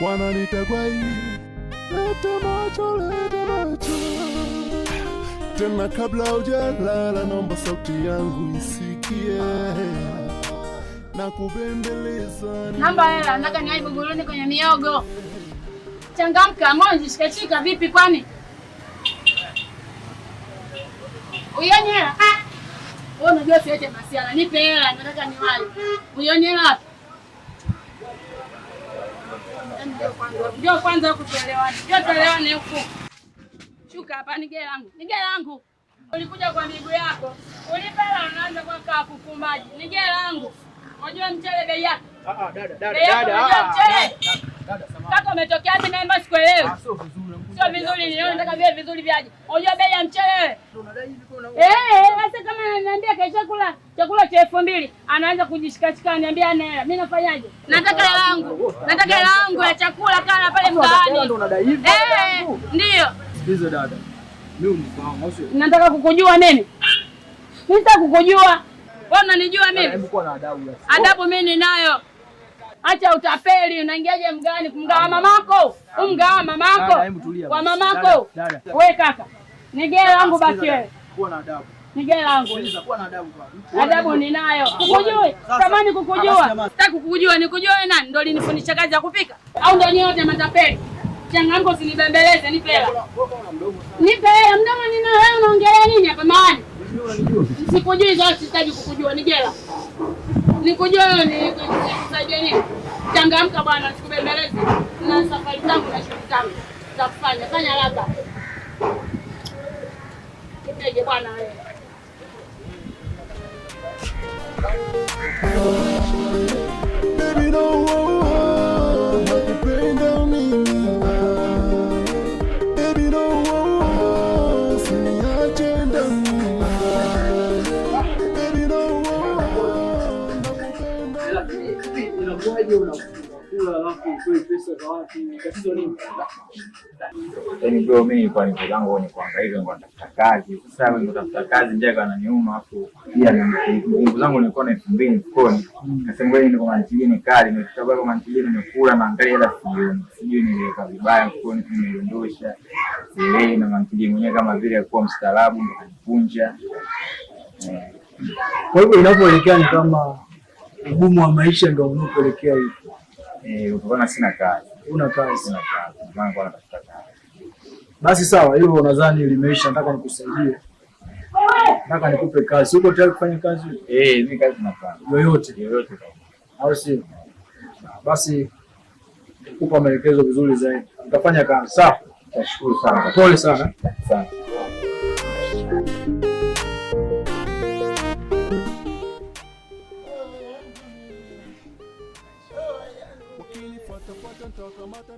wananita gwai. Lete macho, lete macho. Tena kabla ujalala nomba sauti yangu isikie na kubembeleza. Namba hela, nataka niwahi Buguruni kwenye miogo. Changamka Monji, shikashika vipi kwani? Uioni hela? Ah! unajua siwete masiala, nipe hela, nataka niwahi. Uioni hela Njoo kwanza huku tuelewane. Njoo tuelewane huku. Shuka hapa nige langu. Nige langu. Ulikuja kwa miguu yako. Ulipela unaanza kwa kaa Ni Nige langu. Unajua mchele bei yake? Ah ah, dada dada ah, dada. Dada samahani. Kaka umetokea wapi na mbona Sio vizuri. Sio vizuri, nataka vile vizuri vyaje. Unajua bei ya mchele? Unadai sasa eh, eh, kama ananiambia kesho kula chakula cha elfu mbili anaanza kujishikashika, ananiambia ana hela, mimi nafanyaje? Nataka hela yangu, nataka hela yangu ya chakula kana pale mtaani. Eh, ndio hizo dada, mimi unifahamu sio? Nataka kukujua nini? Mimi kukujua wewe, unanijua mimi? Adabu mimi ninayo. Acha utapeli, unaingiaje mgani? Kumgawa mamako, umgawa mamako, kwa mamako. Wewe kaka, nigea langu basi wewe kuwa na adabu. Nige langu. Sikiliza, kuwa na adabu bwana. Adabu ninayo. Kukujui. Tamani kukujua. Sitaki kukujua, nikujue nani? Ndio linifundisha kazi ya kupika. Au ndio nyote yote matapeli. Changamko usinibembeleze, nipe hela. Nipe hela, mdomo nina wewe unaongelea nini hapa maana? Sikujui zote, sitaki kukujua, nigela. Nikujua wewe ni kusaidia nini? Changamka bwana, sikubembeleze. Na safari zangu na shughuli zangu. Za kufanya. Fanya labda. Nege bwana wewe. Baby don't worry. Yaani mimi zangu kazi. Sasa mimi natafuta kazi ndio kana niuma, pia nguvu zangu nilikuwa na kali, kwa nimekula na angalia hela sioni. Sijui niliweka vibaya na mwenyewe kama vile alikuwa mstaarabu Kwa hivyo inapoelekea ni kama ugumu wa maisha ndio unapoelekea hivyo. Eh, kutokana sina kazi una kazi. Basi sawa, hilo nadhani limeisha. Nataka nikusaidie, nataka nikupe kazi. Uko tayari kufanya kazi eh, yoyote au si? Basi nikupa maelekezo vizuri zaidi, utafanya kazi sawa. Pole sana.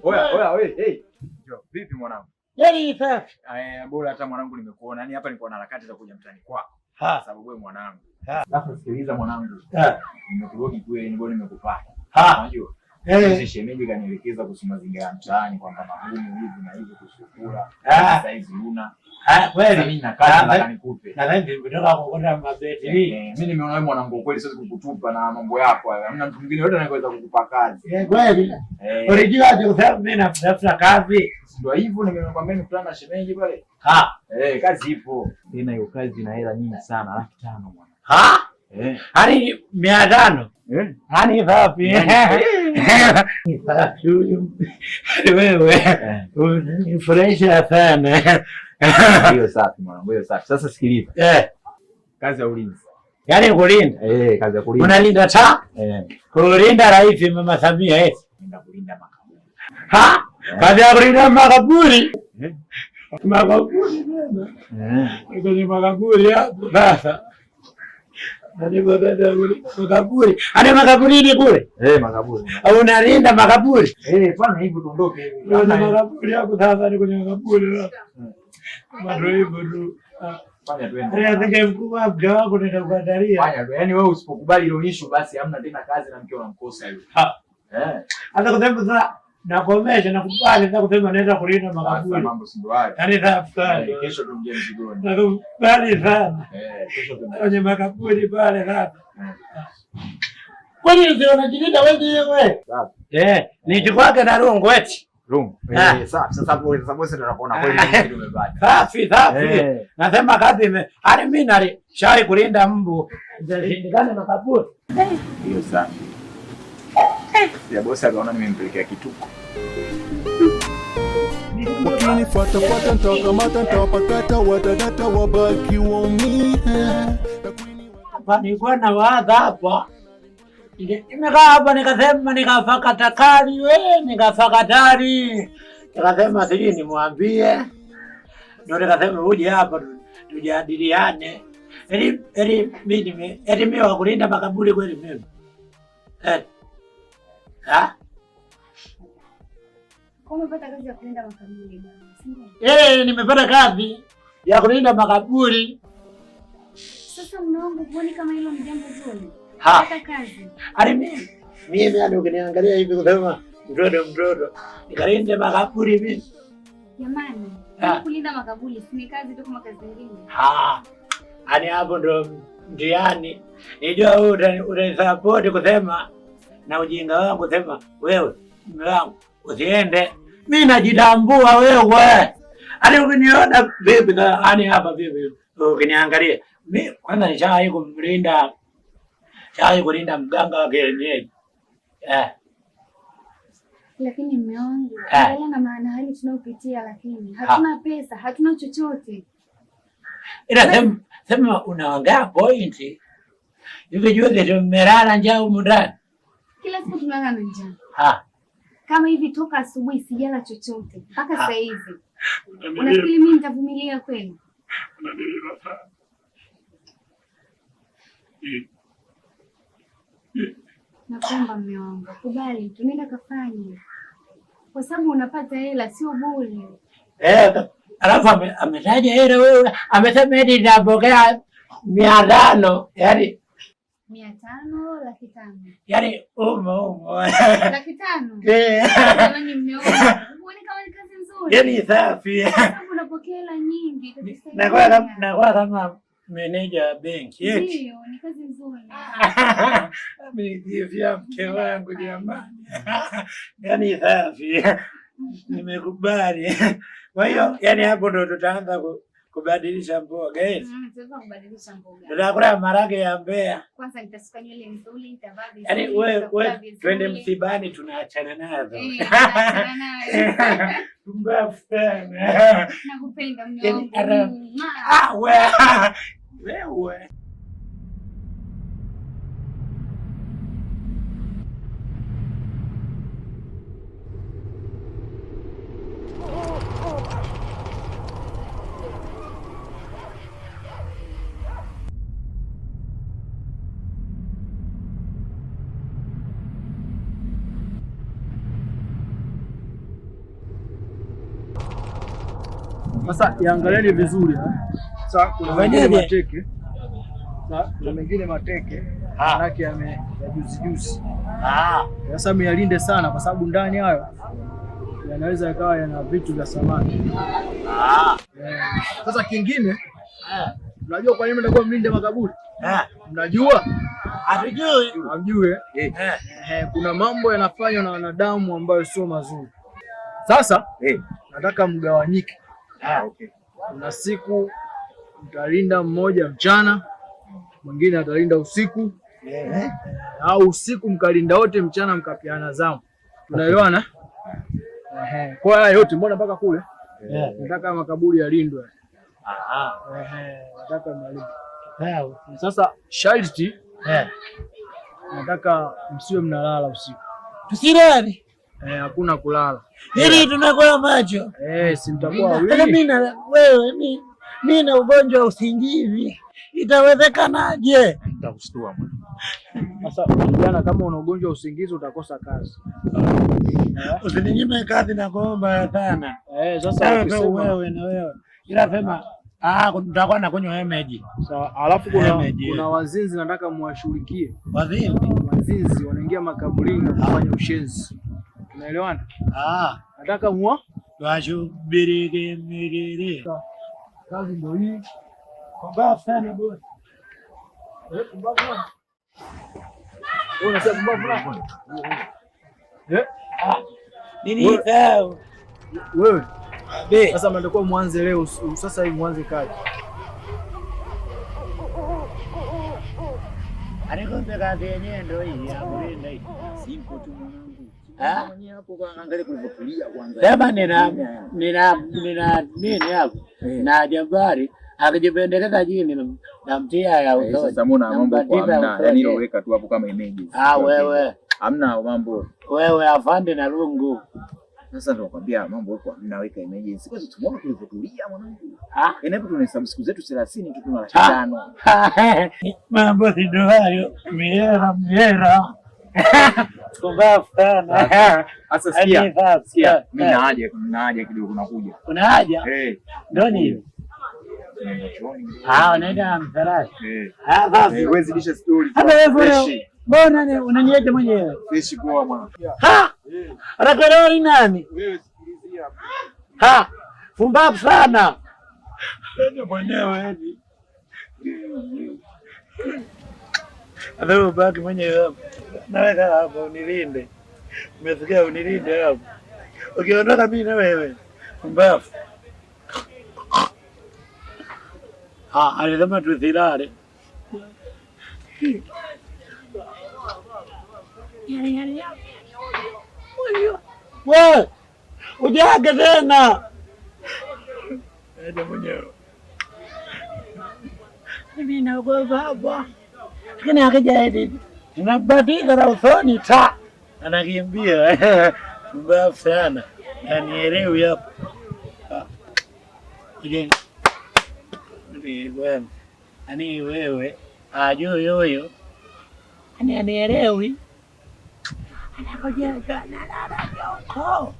Oya, oya, we, hey. Njoo, vipi mwanangu? Yaani safi. Eh, bora hata mwanangu nimekuona. Yaani hapa nilikuwa na harakati za kuja mtani kwako. Ha, sababu wewe mwanangu. Ha. Sasa sikiliza mwanangu. Ha. Nimekurogi kweli, ngoja nimekupata. Ha. Unajua? Hey. Shemeji kanielekeza kuhusu mazingira ya mtaani kwamba magumu hivi na hivi kuhusu kula. Ah. hizi una. Ah, ah, eh. eh, eh. mimi nimeona wewe mwanangu kweli siwezi kukutupa na mambo yako hayo. Hamna mtu mwingine yote anayeweza kukupa kazi. kweli. Unajua mimi nafutafuta kazi. Ndio hivyo nimekwambia nikutana na shemeji pale. kazi ipo. Tena hiyo kazi ina hela nyingi sana, laki tano mwana. Ha? Yaani mia tano. Eh. Hadi yaani wewe unifurahisha sana. Hiyo safi mwanangu, hiyo safi. Sasa sikiliza, eh. kazi ya ulinzi yaani kulinda, eh, kazi ya kulinda. Unalinda ta eh. kulinda Rais Mama Samia kulinda makaburi, kazi ya kulinda makaburi makaburi, makaburi hapo sasa Makaburi hata makaburini kule eh, unalinda makaburi eh, makaburi hapo sasa, ni kwenye makaburi hmm. mkubwa mke wako nenda kuandalia. Yaani wewe usipokubali hilo issue, basi hamna tena kazi na mke unamkosa yule. Eh. Hata kwa sababu sasa Nakomesha nakubali na kusema naenda kulinda makaburi. Yaani eh, nakubali. Eh, kesho tumje sana. kesho tumje. Kwenye makaburi pale sasa. Eh. Kwani ndio unajilinda wewe wewe? Sawa. Eh, nijikwake na rungu eti. Rungu. Safi, safi. Nasema kazi ime. Hali yaani mimi nari shari kulinda mbu. Ndio makaburi. hiyo safi. Eh. ya bosi akaona nimempelekea kituko. Ukinifuata fuata nitawakamata, nitawapakata, watadata wabaki waumie. Nilikuwa na waadha hapa, nimekaa hapa nikasema, nikafakatakari we, tari nikasema sijui nimwambie, ndo nikasema uje hapa tujadiliane. Eti mimi wakulinda makaburi kweli mimi eh. Eh, nimepata kazi ya kulinda makaburi. Sasa mnaomba kuoni kama hilo ni jambo zuri. Hata kazi. Ari mimi mimi yani ukiniangalia hivi kusema mtoto mtoto nikalinde makaburi mimi. Jamani, kulinda makaburi si ni kazi tu kama kazi nyingine. Ah. Ani hapo ndo mtihani. Nijua wewe utanisupport kusema na ujinga wangu, sema wewe mume wangu usiende. mi najitambua wewe. Hadi ukiniona vipi na hapa vipi? Ukiniangalia. mi kwanza nishawahi kumlinda. Nishawahi kulinda mganga wa kienyeji. Eh. Lakini mume wangu, eh. angalia na maana hali tunayopitia lakini hatuna ah. pesa, hatuna chochote. Ila sema unaongea pointi. Hivi juzi tumelala njaa humu ndani. Kila siku tunaanga na njaa. Ha. Kama hivi toka asubuhi sijala chochote mpaka sasa hivi. Unafikiri mimi nitavumilia kweli? Nakuomba mume wangu, kubali tunaenda kafanye, kwa sababu unapata hela sio bure. Eh, alafu ametaja hela wewe, amesema eti nitapokea mia tano yaani mia tano, laki tano. Yaani uma uma laki tano. Yaani safi nakuwa kama meneja wa benki eh. amejivya mke wangu jamani, yani safi, nimekubali. Kwa hiyo yani hapo ndo tutaanza kubadilisha mboga eti? Tutakula marage ya Mbeya. Kwanza nitasuka nywele nzuri, nitavaa vizuri. Yaani wewe wewe twende msibani tunaachana nazo. Eh, Mbafu sana. Nakupenda yaani mm, mwanangu. Ah wewe. Wewe. Sasa yaangalieni vizuri. Sasa kuna mengine mateke, kuna mengine mateke manake ya juzi. Sasa myalinde sana, kwa sababu ndani hayo yanaweza yakawa yana vitu vya samani eh, Sasa kingine, unajua kwa nini ndio mlinde makaburi? Mnajua? Hatujui. Hamjui? Eh. Eh, kuna mambo yanafanywa na wanadamu ambayo sio mazuri. Sasa nataka mgawanyike Ah, Kuna siku mtalinda mmoja mchana, mwingine atalinda usiku yeah. Au usiku mkalinda wote, mchana mkapiana zamu. Tunaelewana? Ehe. Kwa haya yote mbona mpaka kule nataka yeah. Makaburi yalindwe. Nataka Sasa sharti Nataka msiwe mnalala usiku, tusilale Eh, hakuna kulala. Yaani tunakula macho. Eh, si mtakuwa wawili. Tena mimi na wewe mimi mimi na ugonjwa wa usingizi. Itawezekanaje? Nitakushtua mwana. Sasa kijana, kama una ugonjwa wa usingizi utakosa kazi. Eh? Usininyime kazi na kuomba sana. Eh, sasa ukisema wewe na wewe. Ila sema Ah, tutakuwa na kunywa hemeji. Sawa. Alafu kuna kuna wazinzi nataka muwashughulikie. Wazinzi? Wazinzi wanaingia makaburini na kufanya ushenzi. Unaelewana? Ah, nataka muo washubirige miriri. Kazi ndio hii. Kumba sana bosi. Eh, kumba sana. Wewe unasema kumba sana. Eh? Ah. Nini hivyo? Wewe. Be. Sasa mnatakuwa mwanze leo, sasa hii mwanze kazi. Anakwambia kazi yenyewe ndio hii, amri ndio hii. Simple tu mwanangu. Eh? Sema nina eh. nina nina nini hapo eh. na jabari akijipendekeza jini namtia ya usoni. Yaani wewe ah, amna mambo wewe, afande na lungu. Sasa ndio nakwambia mambo yako mnaweka image. Siku hizi tumeona tulivyotulia mwanangu. Ah, yaani endapo tuna siku zetu 30 tu tuna tano. Mambo ndio hayo, miera miera. Kuvaa fulana. Sasa yaani sikia. kidogo nakuja. Kuna haja? Eh. Ndio ni. Ah, eh. ah eh, mbona unaniacha mwenyewe? Fresh poa bwana. Ha! Anakwenda ni nani? Wewe sikilizia. Ha! Fumbavu sana. mwenyewe yani. Alafu baki mwenye hapo. Naweka hapo unilinde. Umesikia, unilinde hapo. Ukiondoka mimi na wewe. Mbafu. Ah, alisema tusilale. ujage tena. mwenyewe. Mimi naogopa hapa lakini akija Edid inabadilika na usoni ta anakimbia mbaya sana, anielewi hapo ani wewe ajui huyu ani anielewi anakojaanalala joko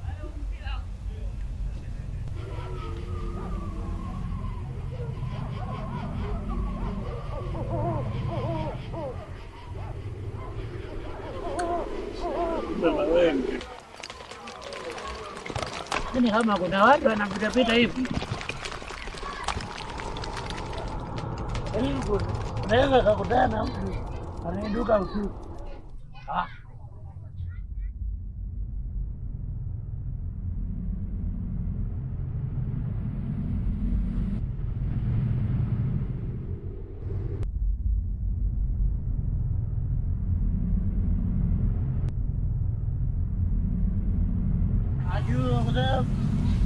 lakini kama kuna watu wanapitapita hivi unaweza kakutana mtu anaiduka usiku Mzee,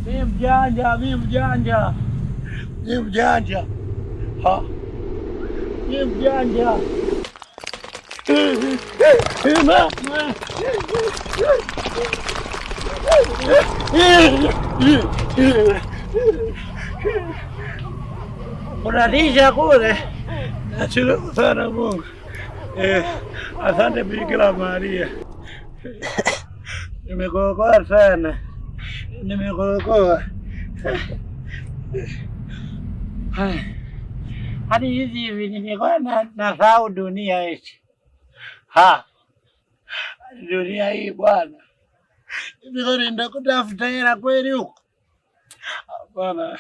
mi mjanja, mi mjanja, mi mjanja, mi mjanja. Unatisha kule. Nashukuru sana Mungu. Eh, asante Bikira Maria. Nimekokoa sana nimekorokoa. Hadi hizi hivi nimekuwa na nasahau dunia hichi. Eh. Ha. Dunia hii bwana. Nimekuwa nenda kutafuta hela kweli huko. Bwana.